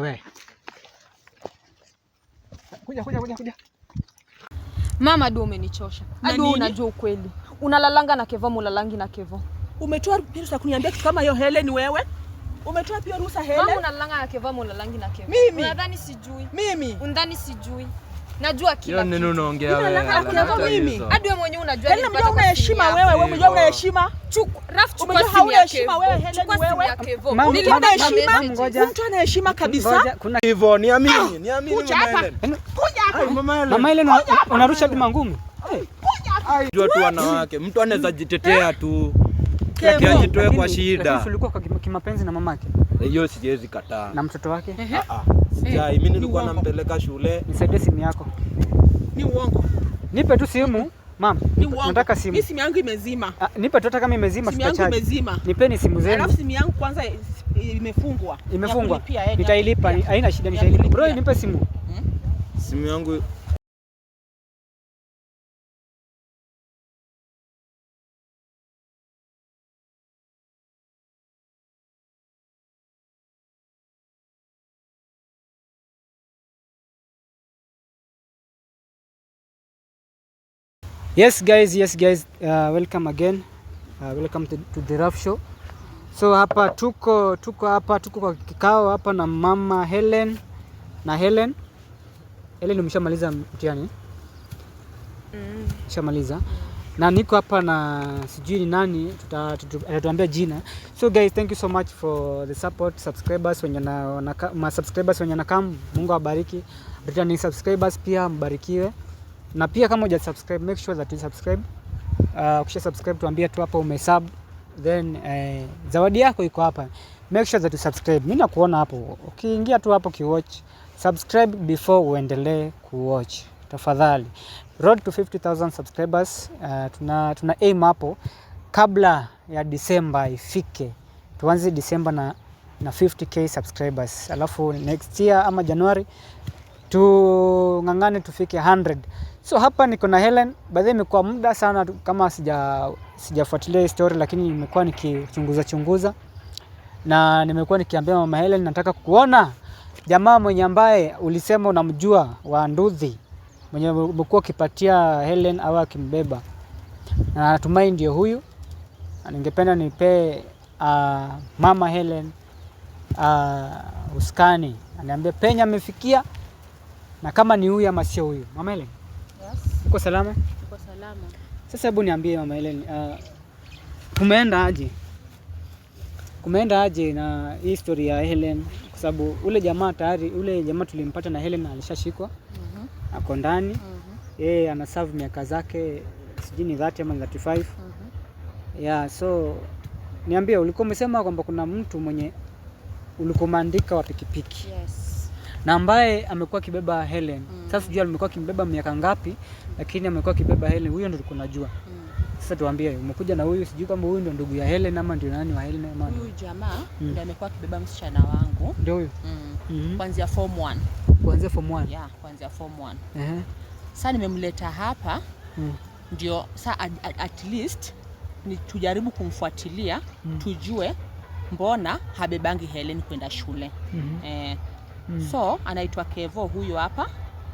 wewe. Kuja kuja kuja kuja. Mama du, umenichosha. Adu, unajua ukweli. Unalalanga na Kevo, mulalangi na Kevo. Umetoa ruhusa kuniambia kitu kama hiyo Hele ni wewe? Umetoa pia ruhusa Hele? Mama unalalanga na Kevo, mulalangi na Kevo. Mimi. Unadhani sijui? Mimi. Unadhani sijui? Najua kila kitu. neno unaongea wewe. Mimi. Hadi wewe mwenyewe unajua. Yaani unajua una heshima wewe, wewe unajua una heshima. Chuku, Raf chuku simu yake. Chukua simu yake. Nilikuwa na heshima. Mtu ana heshima kabisa. Kuna Hivyo niamini, ah, niamini mama Helen. Kuja hapa. Mama Helen unarusha dima ngumu. Kuja hapa. Jua tu wanawake, mtu anaweza hmm. jitetea tu. Lakini ajitoe kwa shida. Lakini ulikuwa kwa kimapenzi na mamake. Hiyo siwezi kataa. Na mtoto wake? Ah ah. Sijai, eh, mimi nilikuwa nampeleka shule. Nisaidie simu yako. Ni uongo. Nipe tu simu. Mam, nataka simu. Mimi simu yangu imezima. Ah, nipe tu hata kama imezima tutacharge. Simu yangu imezima. Nipeni simu zenu. Alafu simu yangu kwanza imefungwa. Imefungwa. Eh, nitailipa, haina shida nitailipa. Bro, nipe simu. Hmm? Simu yangu Yes guys, yes guys, uh, welcome again. Uh, welcome to, to the Rough Show. So hapa tuko tuko hapa tuko kwa kikao hapa na mama Helen na Helen. Helen umeshamaliza mtihani? Mm. Shamaliza. Na niko hapa na sijui ni nani atatuambia jina. So guys, thank you so much for the support subscribers wenye na ma subscribers wenye na come. Mungu awabariki. Returning subscribers pia mbarikiwe na pia kama uja subscribe, make sure that you subscribe. Uh, ukisha subscribe tuambie tu hapa umesub, then eh, zawadi yako iko hapa. Make sure that you subscribe. Mimi nakuona hapo, ukiingia tu hapo kiwatch, subscribe before uendelee kuwatch tafadhali. Road to 50000 subscribers uh, tuna, tuna aim hapo kabla ya Disemba ifike, tuanze Disemba na, na 50k subscribers, alafu next year ama Januari tung'ang'ane tufike 100 So hapa niko na Hellen, baadhi imekuwa muda sana kama sija sijafuatilia story, lakini nimekuwa nikichunguza chunguza na nimekuwa nikiambia mama Helen, nataka kukuona jamaa mwenye ambaye ulisema unamjua wa Nduthi, mwenye umekuwa ukipatia Helen au akimbeba, na natumai ndio huyu. Ningependa nipee uh, ah, mama Helen uh, ah, uskani, aniambie penye amefikia na kama ni huyu ama sio huyu, mama Hellen. Uko salama? Uko salama. Sasa hebu niambie Mama Hellen, uh, kumeenda aje? Kumeenda aje na hii story ya helen kwa sababu ule jamaa tayari ule jamaa tulimpata na Helen alishashikwa. Mhm. Uh Ako ndani. mm -hmm. Yeye ana serve miaka zake sijui ni 30 ama 35. mm -hmm. yeah, so niambie ulikuwa umesema kwamba kuna mtu mwenye ulikuwa umeandika wa pikipiki. Yes na ambaye amekuwa akibeba Helen mm. Sasa sijui amekuwa akimbeba miaka ngapi, lakini amekuwa akibeba Helen. Huyo ndo tulikuwa najua mm. Sasa tuambie, umekuja na huyu, sijui kama huyu ndo ndugu ya Helen ama ndio nani wa Helen ama huyu jamaa mm. ndo amekuwa akibeba msichana wangu, ndio huyo mm. mm -hmm. kuanzia form 1 kuanzia form 1 yeah, kuanzia form 1 eh uh -huh. Sasa nimemleta hapa mm. ndio sasa at, at least ni tujaribu kumfuatilia mm. tujue mbona habebangi Helen kwenda shule mm -hmm. eh, mm. So anaitwa Kevo huyo hapa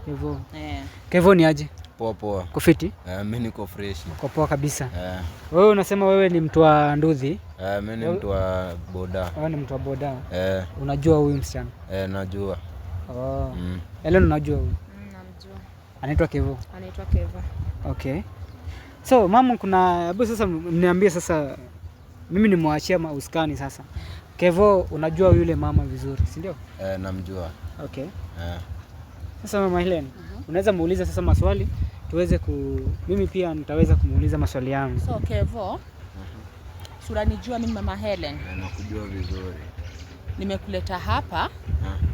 Kevo. Eh. Kevo ni aje? Poa poa. Kufiti? Eh, mimi niko fresh. Uko poa kabisa. Eh. Wewe unasema wewe ni mtu wa nduzi? Eh, mimi ni mtu wa boda. Wewe ni mtu wa boda? Eh. Unajua huyu msichana? Eh, najua. Oh. Mm. Ellen unajua huyu? Mm, Namjua. Anaitwa Kevo. Anaitwa Kevo. Okay. So mama, kuna hebu sasa mniambie sasa mimi nimwachia mauskani sasa Kevo, unajua yule mama vizuri, si ndio? Eh, namjua. Okay. Eh. Sasa Mama Helen, uh mhm. -huh. Unaweza muuliza sasa maswali tuweze ku mimi pia nitaweza kumuuliza maswali yangu. So Kevo, uh -huh. Sura mimi Mama Helen. Eh, nakujua vizuri. Nimekuleta hapa huh?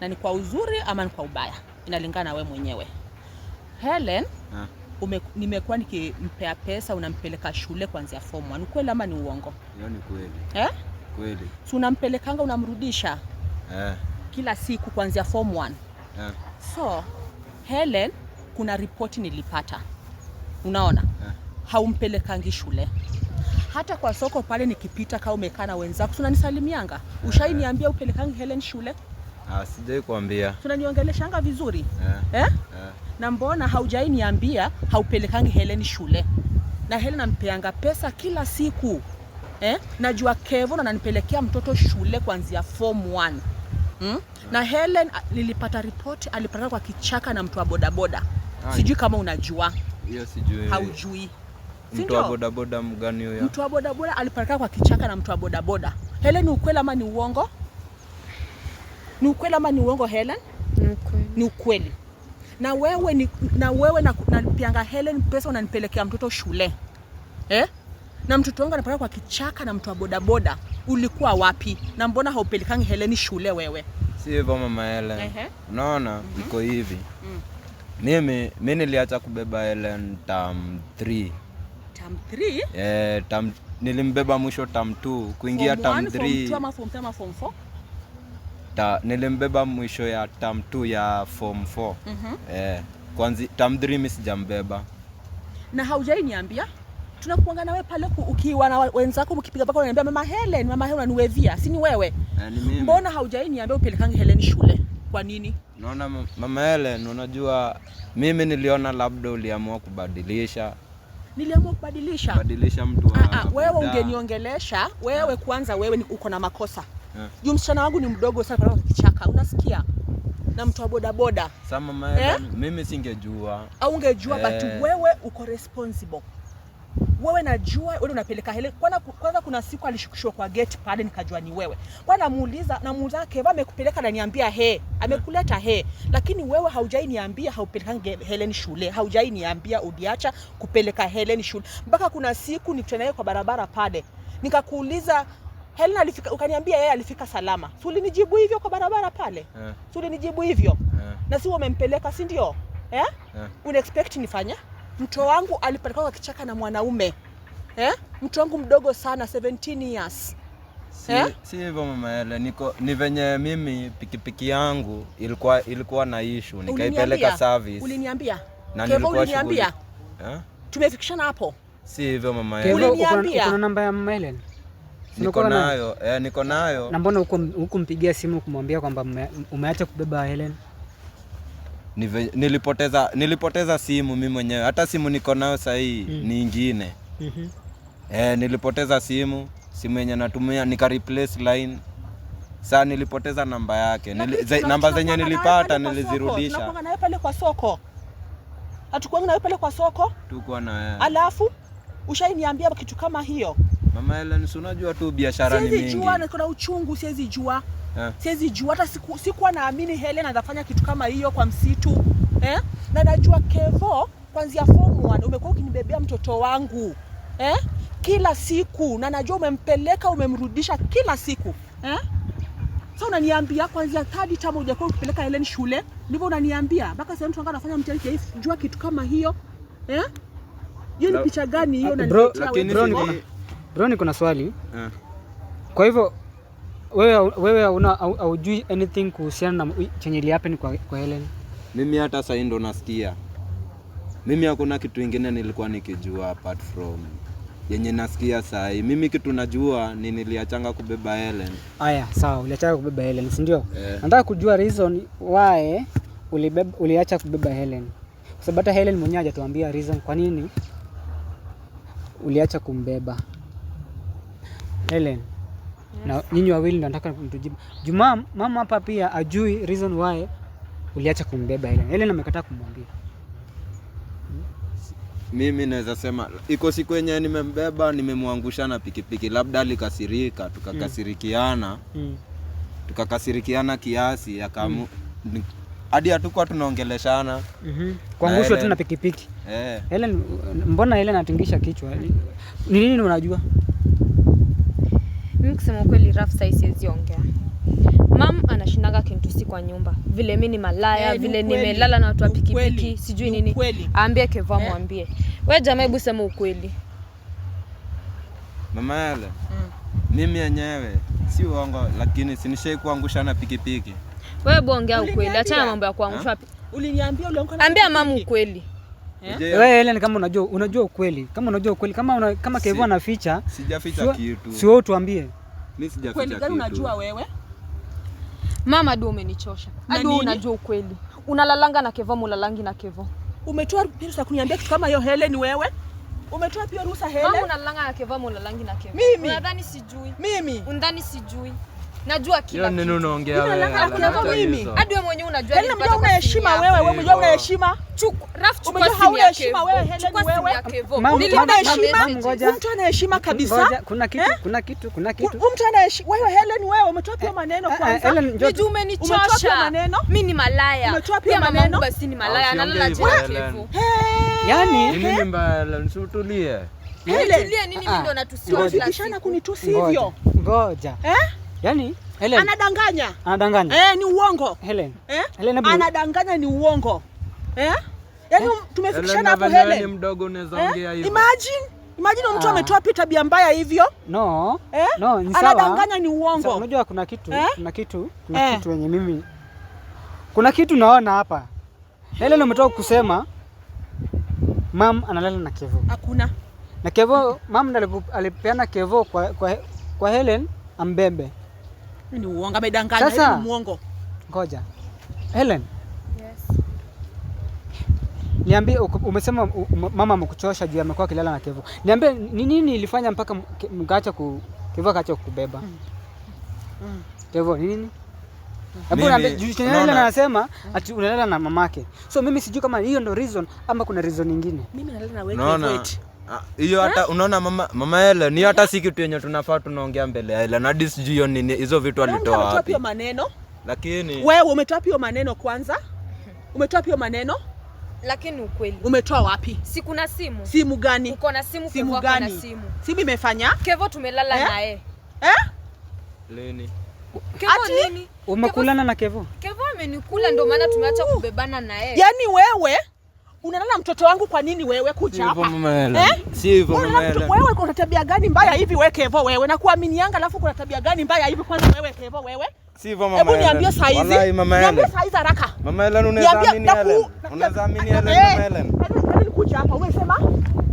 Na ni kwa uzuri ama ni kwa ubaya? Inalingana we mwenyewe. Helen, huh? Ume, nimekuwa nikimpea pesa unampeleka shule kuanzia form 1. Ni kweli ama ni uongo? Ni kweli. Eh? Kweli. Tunampelekanga unamrudisha eh, kila siku kuanzia form 1 eh. So Helen, kuna ripoti nilipata, unaona eh, haumpelekangi shule hata kwa soko pale nikipita, kaa umekaa na wenzako, tunanisalimianga. Eh. Ushainiambia upelekangi Helen shule? Ah, sijai kuambia. Tunaniongeleshanga vizuri eh. eh? Eh? na mbona haujainiambia haupelekangi Helen shule, na Helen ampeanga pesa kila siku eh? Najua Kevon ananipelekea mtoto shule kuanzia form 1 hmm? yeah. Na Helen nilipata ripoti alipata kwa kichaka na mtu wa bodaboda, sijui kama unajua hiyo. Sijui haujui mtu wa bodaboda mgani huyo? Mtu wa bodaboda alipata kwa kichaka na mtu wa bodaboda. Helen, ni ukweli ama ni uongo? Ni ukweli ama ni uongo Helen? Ni ukweli. Na wewe ni, na wewe na, na pianga Helen pesa unanipelekea mtoto shule eh? na mtoto wangu anapeleka kwa kichaka na mtu wa bodaboda, ulikuwa wapi? Na mbona haupelekangi Heleni shule wewe? Si hivyo mama Helen. uh mhm. -huh. iko hivi mm. mimi mi niliacha kubeba Helen tam 3. Tam 3? Eh, tam nilimbeba mwisho tam 2 kuingia tam 3. Form 1, form 2, form 4? Ta, nilimbeba mwisho ya tam 2 ya form 4. Mhm. Mm eh, kwanza tam 3 mimi sijambeba. Na niambia tunakuanga na wewe pale ukiwa na wenzako mkipiga paka unaniambia mama Helen, mama Helen unaniwevia. Si ni wewe? Eh, Mbona haujai niambia upelekange Helen shule? Kwa nini? Naona mama Helen, unajua mimi niliona labda uliamua kubadilisha. Niliamua kubadilisha. Badilisha mtu ah, wa. Ah, wewe ungeniongelesha, wewe ah. kwanza wewe uko na makosa. Eh. Juu msichana wangu ni mdogo sana kwa kichaka. Unasikia? na mtu wa boda boda. Sasa mama Helen, eh? mimi singejua. Au ungejua, but wewe uko responsible wewe najua wewe unapeleka hele Kwanza kwanza, kuna siku alishukishwa kwa gate pale, nikajua ni wewe. Kwa namuuliza namuuliza yake, baba amekupeleka na niambia he, amekuleta he, lakini wewe haujai niambia haupeleka hele ni shule, haujai niambia uliacha kupeleka hele ni shule. Mpaka kuna siku nikutana naye kwa barabara pale, nikakuuliza Helen alifika, ukaniambia yeye alifika salama. Si ulinijibu hivyo kwa barabara pale? Yeah. Si ulinijibu hivyo? Yeah. Na si umempeleka, si ndio? Eh? Yeah. Yeah. Unexpect nifanya? Yeah mto wangu alipelekwa kwa kichaka na mwanaume eh? mto wangu mdogo sana 17 years Si eh? hivyo si mama Hele, niko ni venye mimi pikipiki yangu ilikuwa ilikuwa na issue nikaipeleka service. Uliniambia? Na nilikuwa uliniambia? Eh? Tumefikishana hapo. Si hivyo mama Hele. Uliniambia? Kuna namba ya mama Hele? Niko nayo. Eh, niko nayo. Na mbona huko huko mpigia simu kumwambia kwamba umeacha kubeba Helen? nilipoteza, nilipoteza simu mi mwenyewe, hata simu niko nayo sahii mm. ni ingine mm -hmm. E, nilipoteza simu, simu yenye natumia nika replace line saa nilipoteza namba yake nili, ze, namba zenye nilipata nilizirudisha. nawe pale kwa soko hatukuangi nawe pale kwa soko tuko na wewe, alafu ushainiambia kitu kama hiyo. Mama Helen, si unajua tu biashara ni mingi, siwezi jua, kuna uchungu, siwezi jua yeah. Siwezi jua hata siku, sikuwa naamini Helen anafanya kitu kama hiyo kwa msitu eh? Na najua Kevo kwanzia form 1 umekuwa ukinibebea mtoto wangu eh? Kila siku na najua umempeleka umemrudisha kila siku eh? Sasa so, unaniambia kwanzia third term hujakuwa ukipeleka Helen shule, ndivyo unaniambia mpaka sasa mtu anakaa anafanya mtihani hivi, jua kitu kama hiyo eh? Hiyo ni picha gani hiyo unaniletea wewe? Bro, niko na swali. yeah. Kwa hivyo wewe hauna haujui anything kuhusiana na chenye happen kwa, kwa Helen. Mimi hata sasa ndo nasikia. Mimi hakuna kitu ingine nilikuwa nikijua apart from yenye nasikia saa hii. Mimi kitu najua ni niliachanga kubeba Helen. Aya, sawa, uliachanga kubeba Helen, si ndio? Eh. Nataka kujua reason why ulibeba uliacha kubeba Helen. Kwa sababu hata Helen mwenyewe hajatuambia reason kwa nini uliacha kumbeba Helen na nyinyi wawili ndo nataka mtujibu. Juma mama hapa pia ajui reason why uliacha kumbeba Helen. Helen amekataa kumwambia. Mimi naweza sema iko siku yenye nimembeba nimemwangusha na pikipiki, labda alikasirika, tukakasirikiana mm. tukakasirikiana kiasi akamu mm. hadi hatukuwa tunaongeleshana mm -hmm. kuangushwa tu na pikipiki eh. Helen, mbona Helen atingisha kichwa? Ni nini unajua? yani kusema ukweli Raf, size siwezi ongea. Mam anashindaga kintu si kwa nyumba vile mi ni malaya eh, vile nimelala na watu wa pikipiki sijui nini, aambie Kevoa, mwambie eh. We jamaa, hebu sema ukweli mama yale hmm. Mimi yenyewe si uongo, lakini sinishai kuangusha na pikipiki. Wewe bongea ukweli, achana mambo ya kuangusha. Uliniambia ulianguka. Ambia mama ukweli. Eh? Wewe Helen, kama unajua unajua ukweli, kama unajua ukweli, kama una, kama Kevoo anaficha, sijaficha kitu. sio wewe tuambie. Mimi sijaficha kweli gani, unajua wewe mama du umenichosha. Hadi unajua ukweli. Unalalanga na Kevo, mulalangi na Kevo. Umetoa ruhusa kuniambia kitu kama hiyo Helen wewe? Umetoa pia ruhusa Helen? Mama unalalanga na Kevo, mulalangi na Kevo. Mimi. Unadhani sijui? Mimi. Unadhani sijui? Najua kila kitu. Neno unaongea wewe. Hakuna mimi. Hadi wewe mwenyewe unajua nini. Yaani unajua una heshima wewe, wewe unajua una heshima. rafu Chukua simu yake. Heshima wewe, chukua simu yake. Niliona heshima. Mtu ana heshima kabisa. Eh? Kuna kitu, kuna kitu, kuna kitu. Mtu ana heshima. Wewe Helen wewe umetoa pia eh, maneno eh, kwanza. Ndio umenichosha. Mimi ni malaya. Umetoa pia maneno. Basi ni ah, malaya. Analala jivu. Yaani, mimi mbaya la nisutulie. Nitulie nini ah, mimi ndo ah. natusiwa kila siku. Unatishana kunitusi hivyo. Ngoja. Eh? Yaani Helen. Anadanganya. Anadanganya. Eh, ni uongo. Helen. Eh? Helen abu. anadanganya ni uongo. Eh? Yaani eh? tumefikishana hapo Helen. Helen yaani mdogo unaweza eh? ongea hivyo. Imagine Imagine mtu ah. ametoa pita bia mbaya hivyo. No. Eh? No, ni sawa. Anadanganya ni uongo. Sasa Unajua kuna kitu, eh? Kuna kitu, kuna eh, kitu yenye mimi. Kuna kitu naona hapa. Helen umetoka kusema mam analala na Kevo. Hakuna. Na Kevo, mam ndo alipeana Kevo kwa, kwa, kwa Helen ambebe. Ni uongo, amedanganya. Sasa muongo. Ngoja. Helen. Yes. Niambie, umesema mama amekuchosha juu amekuwa akilala na Kevo. Niambie ni nini ilifanya mpaka mkaacha ku Kevo akaacha kukubeba? Mm. Mm. Kevo ni nini? Mm. Hebu niambie juu tena anasema mm. ati unalala na mamake. So mimi sijui kama hiyo ndo reason ama kuna reason nyingine. Mimi nalala na wewe. Ah, hiyo hata unaona mama mama Helen, hiyo hata si kitu yenye tunafaa tunaongea mbele ya Helen. Hadi sijui hiyo nini, hizo vitu alitoa wapi maneno? Lakini wewe umetoa hiyo maneno kwanza, umetoa hiyo maneno lakini ukweli umetoa wapi? Si kuna simu? Simu gani? Uko na simu? Simu gani? Simu, simu imefanya Kevo, tumelala eh? naye eh? Leni umekulana na Kevo? Kevo amenikula, ndio maana tumeacha kubebana naye. Yaani wewe unalala mtoto wangu kwa nini wewe kuja hapa? Si hivyo mama Ella. Eh? Wewe kuna tabia gani mbaya hivi wewe Kevo wewe? Na yanga alafu kuna tabia gani mbaya hivi kwanza wewe Kevo wewe? Si hivyo mama Hebu niambie saa hizi. Wallahi mama Ella. Niambie saa hizi haraka. Mama Ella unaweza amini Ellen. Unaweza amini Ellen eh? mama Ella. Hebu kuja hapa wewe sema.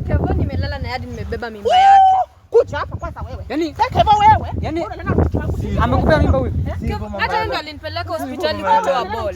Kevo nimelala na hadi nimebeba mimba yake. Kuja hapa kwanza wewe. Yaani sasa eh, Kevo wewe. Yaani amekupea mimba huyu? Hata ndio alinipeleka hospitali kutoa ball.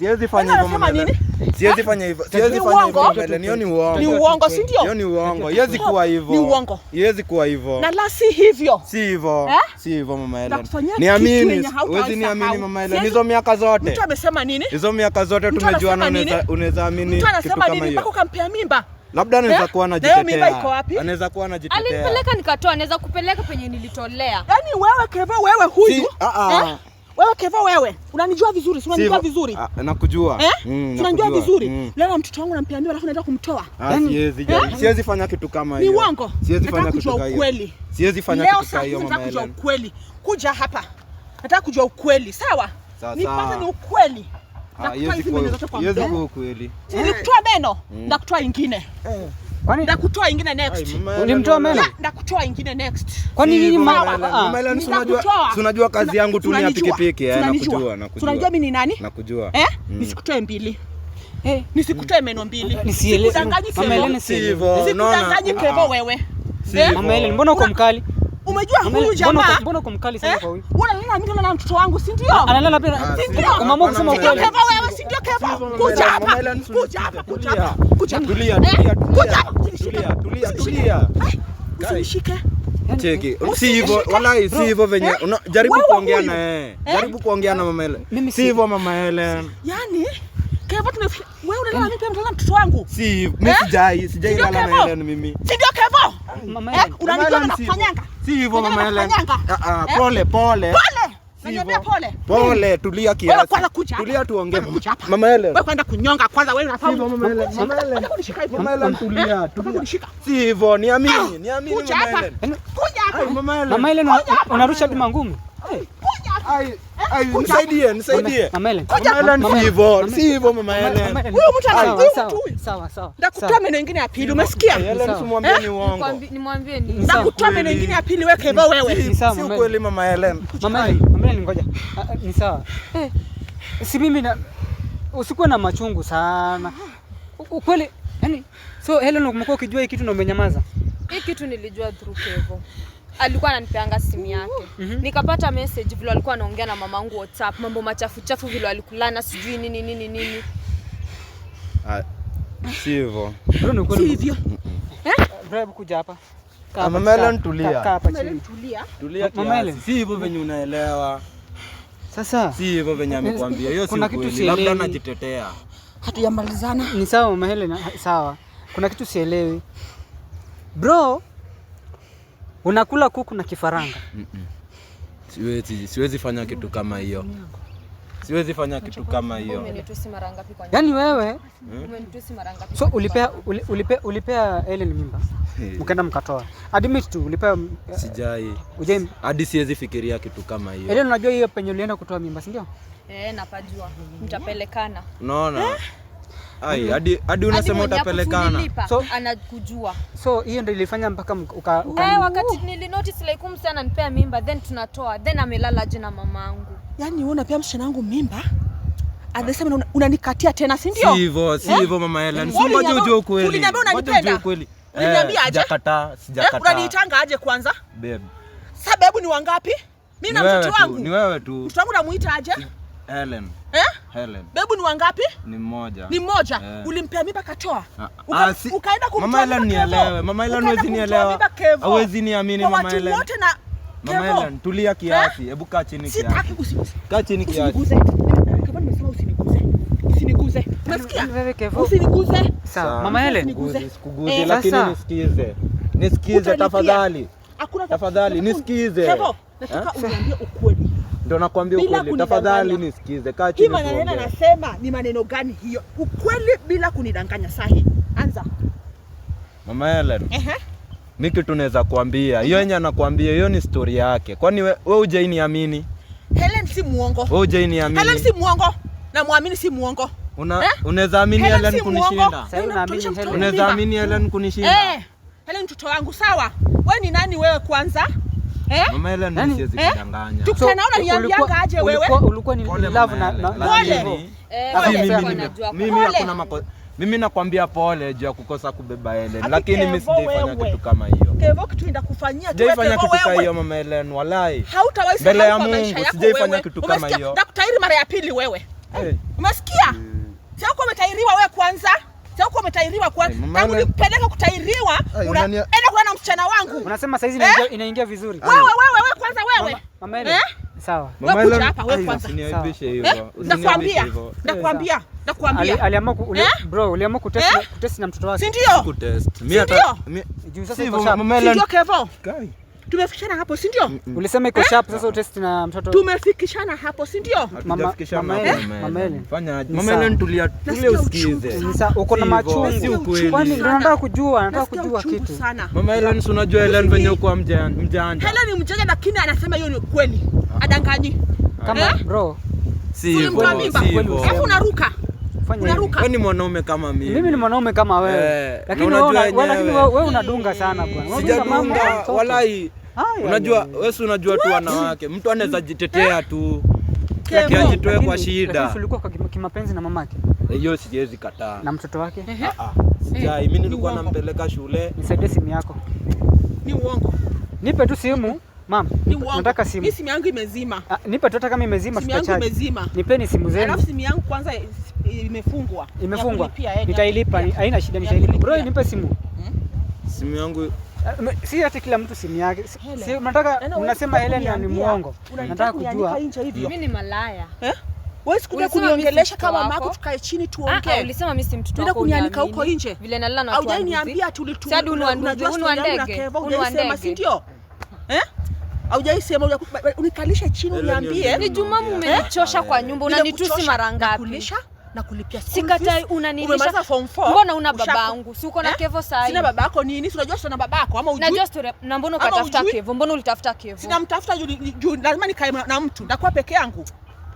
Siwezi fanya eh? hivyo mbele. Siwezi fanya hivyo. Siwezi fanya hivyo ni uongo. Ni uongo, si ndio? Hiyo ni uongo. Haiwezi kuwa hivyo. Ni uongo. Haiwezi kuwa hivyo. Na la si hivyo. Si hivyo. Eh? Si hivyo Mama Helen. Niamini. Huwezi niamini Mama Helen. Hizo miaka zote. Mtu amesema nini? Hizo miaka zote tumejuana unaweza unaweza amini Mtu anasema nini mpaka ukampea mimba? Labda anaweza eh? kuwa anajitetea. mimba iko wapi? Anaweza kuwa anajitetea. Alinipeleka nikatoa, anaweza kupeleka penye nilitolea. Yaani wewe Keva, wewe huyu. Ah ah. Wewe Kevo wewe, unanijua vizuri, unanijua vizuri? Ah, Nakujua. Eh? Mm, Unanijua vizuri. Mm. Leo mtoto wangu nampiamia alafu naenda kumtoa. Ah, yaani, Siwezi eh? jali. Siwezi fanya kitu kama hiyo. Ni uongo. Siwezi fanya kitu kama hiyo. Siwezi fanya kitu kama hiyo mama. Nataka kujua ukweli. Kuja hapa. Nataka kujua ukweli. Sawa? Nipata ni ukweli. Ah, Nakutoa ni meno zote ni mdomo. Nikutoa meno, mm. nakutoa ingine. Eh. Kwani ndakutoa ingine next. Unimtoa meno? Ndakutoa ingine next. Kwani nini mama? Ah, ah. Unajua kazi yangu tu ni ya pikipiki, eh, nakujua, nakujua. Unajua mimi ni nani? Nakujua. Eh? Mm. Nisikutoe mbili. Eh, nisikutoe meno mbili. Nisielewe. Mama Helen, si hivyo. Nisikudanganyi Kevo wewe. Mama Helen, mbona uko mkali? Umejua huyu jamaa mbona uko mkali sana eh? kwa huyu? Unalala mimi na mtoto wangu, si ndio? Analala pia. Ah, si ndio? Mama kusema ukweli. Keva wewe, si ndio keva? Kuja hapa. Kuja hapa. Eh? Kuja hapa. Kuja hapa. Tulia, tulia, tulia. Tulia, eh? tulia. tulia. Usinishike. Cheki. Si hivyo, wallahi si hivyo venye. Jaribu kuongea na yeye. Jaribu kuongea na mama Helen. Si hivyo mama Helen. Yaani, keva tunafika Mbona mimi pia mtazama mtoto wangu? Si mimi eh? sijai, sijai lala na Helen mimi. Eh? Si ndio kevo? Mama Helen. Unanijua na kufanyanga? Si hivyo mama Helen. Ah ah, eh? pole pole. Pole. Naniambia pole. Pole, tulia kiasi. Wewe kwanza kuja. Tulia tuongee. Mama Helen. Wewe kwenda kunyonga kwanza wewe unafahamu. Mama Helen. Mama Helen. Mama Helen tulia. Tulia. Si hivyo, niamini, ah, niamini mama Helen. Kuja hapa. Mama Helen. Mama Helen unarusha hadi mangumi. Kuja hapa. Nisaidie, nisaidie. hivyo, si hivyo mama Helen. Huyu mtu ana huyu mtu. Sawa sawa. Ndakutoa meno nyingine ya pili, umesikia? Helen simwambie ni eh? uongo. Nimwambie ni. Ndakutoa meno nyingine ya pili weke hivyo wewe. Si kweli mama Helen. Mama Helen, mama Helen ngoja. Ah, ah, ni sawa. Eh. Si mimi na usikuwe na machungu sana. Ukweli, yani so Helen umekuwa ukijua hii kitu na umenyamaza. Hii kitu nilijua through Kevo alikuwa ananipeanga simu yake mm -hmm. Nikapata message vile alikuwa anaongea na mamangu WhatsApp, mambo machafu chafu vile alikulana sijui nini nini nini. Ah, si hivyo. Si hivyo. Mm, mm. Eh? Hebu kuja hapa. Ah, mama Helen tulia. Mama Helen si hivyo venye unaelewa. Sasa si hivyo venye eh, amekwambia. Hiyo si kweli. Labda anajitetea. Hatujamalizana. Ni sawa Mama Helen, sawa. Kuna kitu sielewi. Bro, Unakula kuku na kifaranga? Siwezi, siwezi fanya kitu kama hiyo, siwezi fanya kitu kama hiyo. Yaani wewe hmm? So ulipea, ulipea, ulipea Ellen mimba mkaenda mkatoa, admit tu ulipea. Eh, Sijai hadi siwezi fikiria kitu kama hiyo. Ellen, unajua hiyo penye ulienda kutoa mimba, si ndio? Eh, napajua mtapelekana, unaona eh? Ai, mm-hmm. adi, adi unasema utapelekana. So anakujua. So hiyo ndio ilifanya mpaka uka, uka wewe wakati nili notice like um sana nipea mimba then tunatoa then amelala je na mamangu. Yaani wewe unapea msichana wangu mimba? Anasema unanikatia tena si ndio? Sivyo, sivyo eh? mama Helen. Si mbona ujue ukweli. Uliniambia unanipenda. Ukweli. Eh, Uliniambia aje? Sijakataa, eh, sijakataa. Unaniitanga aje kwanza? Babe. Sababu ni wangapi? Mimi na mtoto wangu. Ni wewe tu. Mtoto wangu namuita aje? Helen. Eh? Helen. Bebu ni wangapi? Ni mmoja. Ni mmoja. Yeah. Ulimpea mimba katoa. Ah, Uka, ah, si... Ukaenda kumtoa. Mama Helen nielewe. Mama Helen hawezi nielewa. Hawezi niamini mama Helen. Wote na Kevo. Mama Helen tulia eh? kiasi. Hebu kaa chini kiasi. Sitaki usiniguze. Kaa chini kiasi. Eh, Kama nimesema usiniguze. Usiniguze. Unasikia? Usiniguze. Sawa. Mama Helen. Usikuguze eh. lakini nisikize. Nisikize tafadhali. Hakuna tafadhali nisikize. Kevo. Nataka uniambie ukweli. Ndio nakwambia ukweli, tafadhali nisikize. Kaa chini. Hii maneno anasema ni maneno gani hiyo? Ukweli bila kunidanganya sahi. Anza. Mama Helen. Eh. Mimi kitu naweza kuambia. Hiyo yenye anakuambia hiyo ni story yake. Kwani wewe we hujai niamini? Helen si muongo. Wewe hujai niamini. Helen si muongo. Na muamini si muongo. Una eh? unaweza amini Helen kunishinda? Eh, unaweza amini Helen kunishinda? Eh. Helen mtoto wangu sawa. Wewe ni nani wewe kwanza? mimi nakwambia pole juu ya kukosa kubeba Helen, lakini mimi sijaifanya kitu kama hiyo. Kevo, kitu tu wewe. kitu kama hiyo mama Helen, walai, mbele ya Mungu sijaifanya kitu kama hiyo. Umesikia? Nakutairi mara ya pili wewe, eh. umesikia? Mm. Sio kwa umetairiwa wewe kwanza hata huko umetairiwa kwa tangu nikupeleka kutairiwa, unaenda kuwa na mchana wangu. Unasema saizi inaingia eh? inaingia vizuri. Wewe wewe wewe kwanza wewe. Mama ile. Eh? Sawa. Wewe kuja hapa wewe kwanza. Usiniaibishe eh? hivyo. Nakwambia. Nakwambia. Nakwambia. Aliamua ku bro, uliamua aliamua kutest test na mtoto wake. Si ndio? Kutest. Mimi hata sasa sio Kevo. Kai. Tumefikishana hapo si ndio? Mm -mm. Ulisema iko eh? sharp sasa utest na mtoto. Tumefikishana hapo si ndio? Mama mama Mama eh? Ellen. Fanya aje? Mama Ellen tulia tulia usikize. Sasa uko na machungu. Kwani ndio nataka kujua, nataka kujua kitu. Mama Ellen si unajua Ellen venye uko mjanja. Hela ni mjanja lakini anasema hiyo ni kweli. Adanganyi. Kama eh? bro. Si kweli. Alafu unaruka unafanya hivi. Wewe ni mwanaume kama mimi. Mimi ni mwanaume kama wewe. Eh, lakini wewe lakini wewe unadunga sana bwana. Sijadunga walai. Unajua wewe si unajua tu wanawake. Mtu anaweza hmm. jitetea eh? tu. Ajitoe kwa shida. Sisi Ulikuwa kwa kimapenzi na mamake? Hiyo siwezi kataa. Na mtoto wake? Ah ah. Eh. Sijai. Mimi nilikuwa nampeleka shule. Nisaidie simu yako. Ni uongo. Nipe tu simu. Mam, nataka simu. Mimi simu yangu imezima. Ah, nipe tu hata kama imezima Simu yangu imezima. Nipeni simu zenu. Alafu simu yangu kwanza imefungwa. Imefungwa. Nitailipa, haina shida nitailipa. Bro, nipe simu. Hmm? Simu yangu eh, si hata kila mtu simu yake. Si unataka yaani unasema Helen ni muongo. Nataka kujua. Mimi ni malaya. Eh? Wewe sikuja kuniongelesha kama mako, tukae chini tuongee. Ah, ah Ulisema mimi si mtoto wako. Kunianika huko nje. Vile nalala na watu. Au Haujaniambia tulituma. Sasa unajua ndege. Unasema si ndio? Eh? Haujai sema unikalisha chini uniambie. Ni Juma, eh? umenichosha kwa nyumba, unanitusi mara ngapi? na kulipia school fees. sikatai. Unanilisha form 4 mbona una babangu? si uko na eh? Kevo sasa Sina babako nini? si unajua sina babako ama ujui? najua story na mbona ukatafuta Kevo? mbona ulitafuta Kevo? sina mtafuta juu lazima nikae na mtu, ndakuwa peke yangu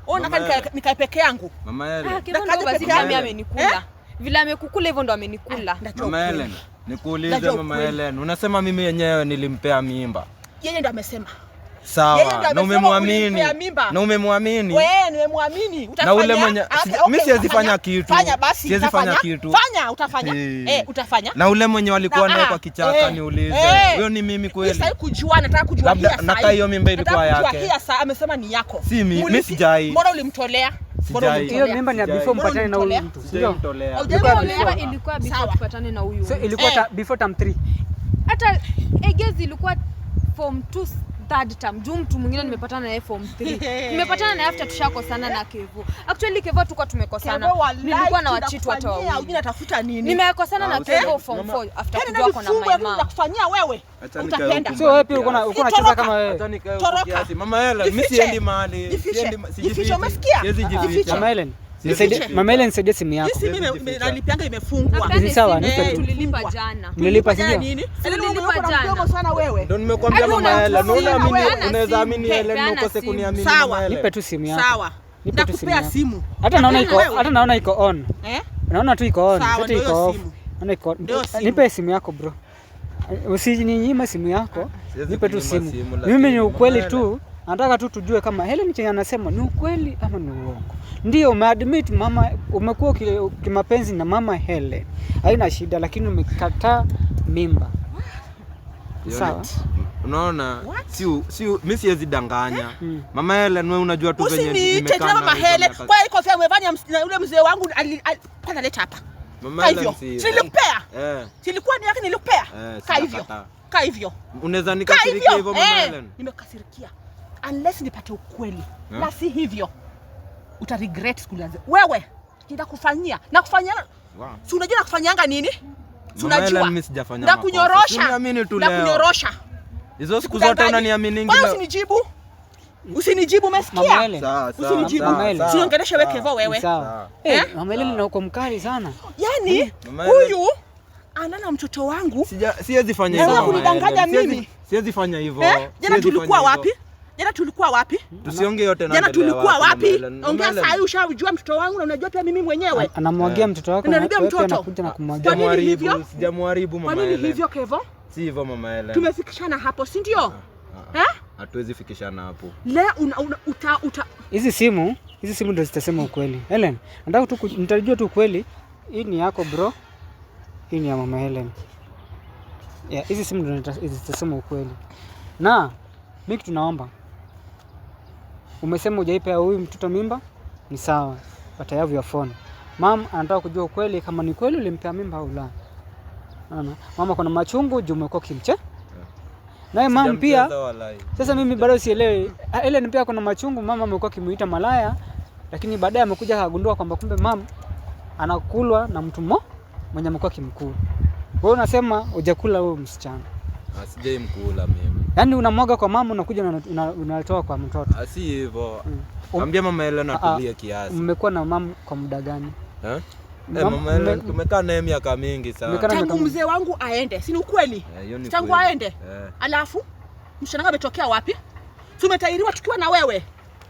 oh, au nataka nikae peke yangu. Mama yale. Ah, ndakaje peke yangu? amenikula eh? vile amekukula hivyo ndo amenikula. Ah, mama Helen, nikuulize mama Helen, unasema mimi yenyewe nilimpea mimba? yeye ndo amesema Sawa, yaani na umemwamini na umemwamini wewe, nimemwamini na ule mwenye mimi siwezi fanya kitu, siwezi fanya kitu, fanya utafanya, eh. eh utafanya. Na ule mwenye walikuwa naye ah, kwa kichaka, eh, niulize eh. huyo ni mimi kweli? Sasa kujua, nataka kujua hii sasa, na hiyo mimba ilikuwa yake. Hii sasa amesema ni yako, si mimi, mimi sijai. Mbona ulimtolea? Hiyo mimba ni before mpatane na huyu mtu, sio? Ilikuwa before mpatane na huyu, so ilikuwa before term 3, hata egezi ilikuwa form 2 third term juu mtu mwingine hmm. nimepatana naye form 3 nimepatana naye after tushakosana na Kevo. Actually Kevo tuko tumekosana, nilikuwa na wachitu hata wawili, natafuta nini, nimekosana na ah, Kevo form 4 after yaani kujua kona mama kufanyia wewe utapenda. Sio na uko na unacheza kama wewe, hata nikae Mama Helen, mimi siendi mahali, siendi, sijifiche. Umesikia ah, ah, mama Helen? Mama ile nisaidie simu yako. Nalipianga imefungwa. sawa, tulilipa jana. Tulilipa jana. Sana wewe. Ndio nimekuambia mama Nipe tu simu yako. Sawa. Nipe tu simu Simu. Hata naona iko, hata naona iko on. Eh? Naona tu iko on, hata iko off. Naona iko Nipe simu yako bro. Eh, Usininyima simu yako. Nipe tu simu. Mimi ni ukweli tu. Nataka tu tujue kama Helen chenye anasema ni ukweli ama ni uongo. Ndio umeadmit mama, umekuwa kimapenzi na mama Helen, haina shida, lakini umekataa mimba. Sawa. Unaona, si si mimi siwezi danganya hmm. Mama Helen, wewe unajua tu venye nimekaa tena. Mama Helen, kwa hiyo kofia umevanya na yule mzee wangu kwanza, leta hapa. Mama Helen, nilipea eh. eh, silikuwa ni yake, nilikupea eh, ka hivyo kaa hivyo, unaweza nikasirikia hivyo mama eh, Helen, nimekasirikia unless nipate ukweli yeah. Na si hivyo uta regret siku zako wewe, nitakufanyia na kufanyia wow. Si unajua nakufanyanga nini? Si unajua na kunyorosha na kunyorosha hizo siku zote unaniamini. ngi. Wewe usinijibu, usinijibu, umesikia? Usinijibu, Si usiongeleshe wewe hivyo wewe. Eh, eh? mama ile na uko mkali sana yani, huyu anana mtoto wangu, siwezi fanya hivyo, kunidanganya eh? mimi, siwezi fanya hivyo. Jana tulikuwa wapi? Jana tulikuwa wapi? Tusiongee yote na jana tulikuwa wapi? Ongea saa hii ushaujua mtoto wangu na unajua pia mimi mwenyewe. Anamwagia mtoto wako na mtoto anakuja na ah, kumwagia. Kwa nini hivyo? Sijamharibu mama. Kwa nini hivyo Kevo? Si hivyo mama Ellen. Tumefikishana hapo, si ndio? Ah, ah, eh? Hatuwezi fikishana hapo. Leo una, una, uta uta Hizi simu, hizi simu ndio zitasema ukweli. Ellen, nataka tu nitajua tu ukweli. Hii ni yako bro. Hii ni ya mama Ellen. Yeah, hizi simu ndio zitasema ukweli. Na mimi tunaomba umesema hujaipea huyu mtoto mimba, ni sawa, but I have your phone. Mam anataka kujua ukweli kama ni kweli ulimpea mimba au la. Ana Mama kuna machungu juu umekuwa kimcha. Naye mam pia sasa mimi bado sielewi. Ah, ile ni pia kuna machungu mama amekuwa kimuita malaya lakini baadaye amekuja kagundua kwamba kumbe mam anakulwa na mtu mmo mwenye amekuwa kimkuu. Wewe unasema hujakula wewe msichana. Asijai ah, mkula mimi. Yaani unamwaga kwa mama unakuja unatoa una, kwa mtoto. Ah, si hivyo. Mm. Um, mama Elena ah, ah, atulie kiasi. Mmekuwa na mama kwa muda gani? Eh? Hey, eh, mama Elena tumekaa naye miaka mingi sana. Tangu mzee wangu aende, si ni ukweli? Yeah, tangu aende. Yeah. Alafu mshanga ametokea wapi? Tumetairiwa tukiwa na wewe.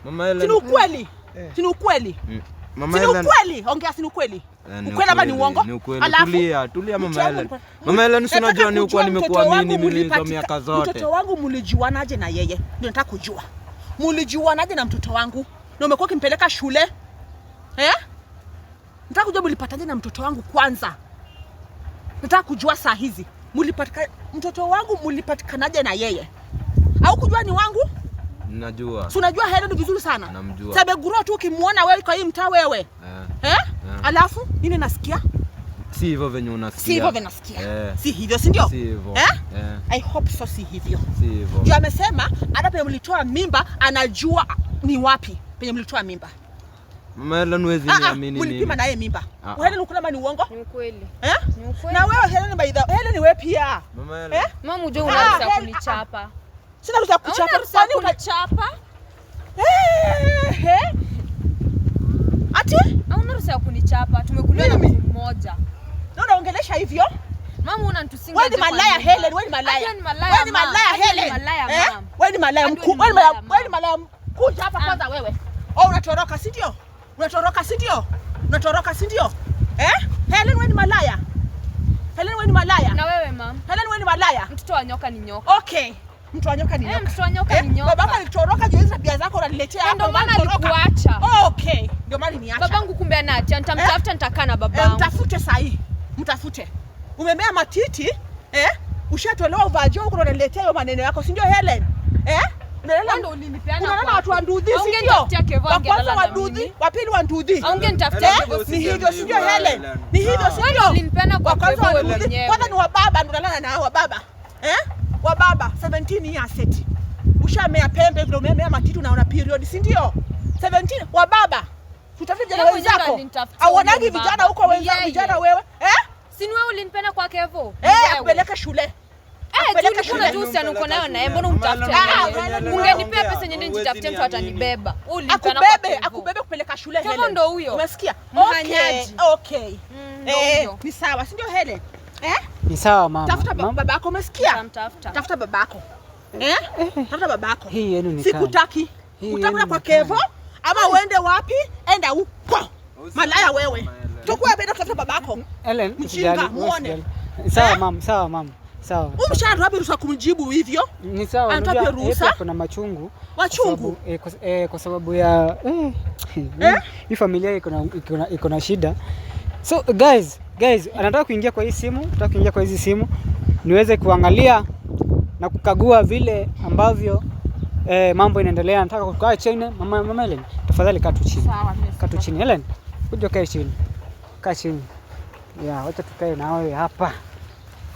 Mama Elena. Si ni ukweli? Eh. Si ni ukweli? Mm. Mama Ellen. Ni ukweli, ongea si ni ukweli. Eh, ukweli ama ni uongo? Tulia, tulia mama Ellen. Mama Ellen, si unajua ni ukweli nimekuamini mimi kwa miaka zote. Mtoto wangu mlijuanaje na yeye? Ndio nataka kujua. Mlijuanaje na mtoto wangu? Na umekuwa ukimpeleka shule? Eh? Nataka kujua mlipataje na mtoto wangu kwanza. Nataka kujua saa hizi. Mlipatika mtoto wangu mlipatikanaje na yeye? Au kujua ni wangu? Najua. Si unajua Herod vizuri sana. Namjua. guru tu ukimuona wewe kwa hii mtaa wewe. Eh? Yeah. Eh? Alafu nini nasikia? Si hivyo venye unasikia. Si hivyo venye nasikia. Yeah. Si hivyo si ndio? Si hivyo. Eh? Yeah. I hope so si hivyo. Si hivyo. Juu amesema hata penye mlitoa mimba anajua ni wapi penye mlitoa mimba. Mama Helen huwezi ah, ah, niamini nini? Ulipima naye mimba. Ah. ah. Helen uko kama ni uongo? Ni kweli. Eh? Ni kweli. Na wewe Helen by the Helen ni wewe pia. Mama Helen. Eh? Mama unajua unaweza kunichapa. Sina ruhusa kuchapa. Kwani unachapa? Eh. Ati? Hauna ruhusa ya kunichapa. Tumekulia na mtu mmoja. Na unaongelesha hivyo? Mama unanitusinga. Wewe ni malaya Helen, wewe ni malaya. Eh? Wewe ni malaya Helen. Wewe ni malaya mkuu. Wewe ni malaya mkuu hapa ah. kwanza wewe. Oh, unatoroka si ndio? Unatoroka si ndio? Unatoroka si ndio? Eh? Helen wewe ni malaya. Helen wewe ni malaya. Na wewe mama. Helen wewe ni malaya. Mtoto wa nyoka ni nyoka. Okay. Mtu wa nyoka ni eh, nyoka. Mtu wa nyoka ni eh, nyoka. Babako alitoroka juu hizo bia zako unaniletea hapa. Eh, ndio maana alikuacha. Okay. Ndio maana niacha. Babangu kumbe anaacha. Nitamtafuta nitakaa na babangu. Mtafute hii. Mtafute. Umemea matiti, eh? Ushatolewa uvaje huko unaniletea hiyo maneno yako. Si ndio Helen? Eh? watu wa si ndio? Wa kwanza wa wa pili wa Ni hivyo si ndio Helen? Ni hivyo si ndio? kwanza wa kwanza ni wa baba na wa baba. Eh? wa baba 17 years set. Ushamea pembe vile umemea matitu na una period, si ndio? 17 wa baba. Tutafiti vijana wenzako. Auonagi vijana huko wenzako vijana wewe? Eh? Si wewe ulinipenda kwa Kevo? Eh, akupeleka shule. Eh, ah, ungenipea pesa nyingine nijitafutie mtu atanibeba. Akubebe, akubebe kupeleka shule Helen. Kama ndo huyo. Umesikia? Okay. Okay. Mm, eh, ni sawa, si ndio Helen? Eh? Ni sawa mama. Tafuta ba mama. babako, umesikia? Tafuta Tafuta babako. Eh? eh? Eh. Tafuta babako. Hii yenu ni sikutaki. Utakula kwa Kevo ama uende wapi? Enda huko. Malaya wewe. Tukua bado tafuta babako. Ellen, mjinga muone. Sawa eh? mama, sawa mama. Sawa. Umshara wapi ruhusa kumjibu hivyo? Ni sawa. Anatapia ruhusa. Kuna machungu. Machungu. Eh, kwa, eh, kwa sababu ya eh, eh? Hii familia iko na iko na shida. So guys, Guys, anataka kuingia kwa hii simu, nataka kuingia kwa hizi simu niweze kuangalia na kukagua vile ambavyo eh, mambo inaendelea. Nataka kukaa chini. Mama, mama Helen, tafadhali kaa tu chini. Kaa tu chini Helen. Kuja kae chini. Kaa chini. Yeah, wacha tukae na wewe hapa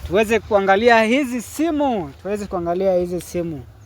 tuweze kuangalia hizi simu, tuweze kuangalia hizi simu.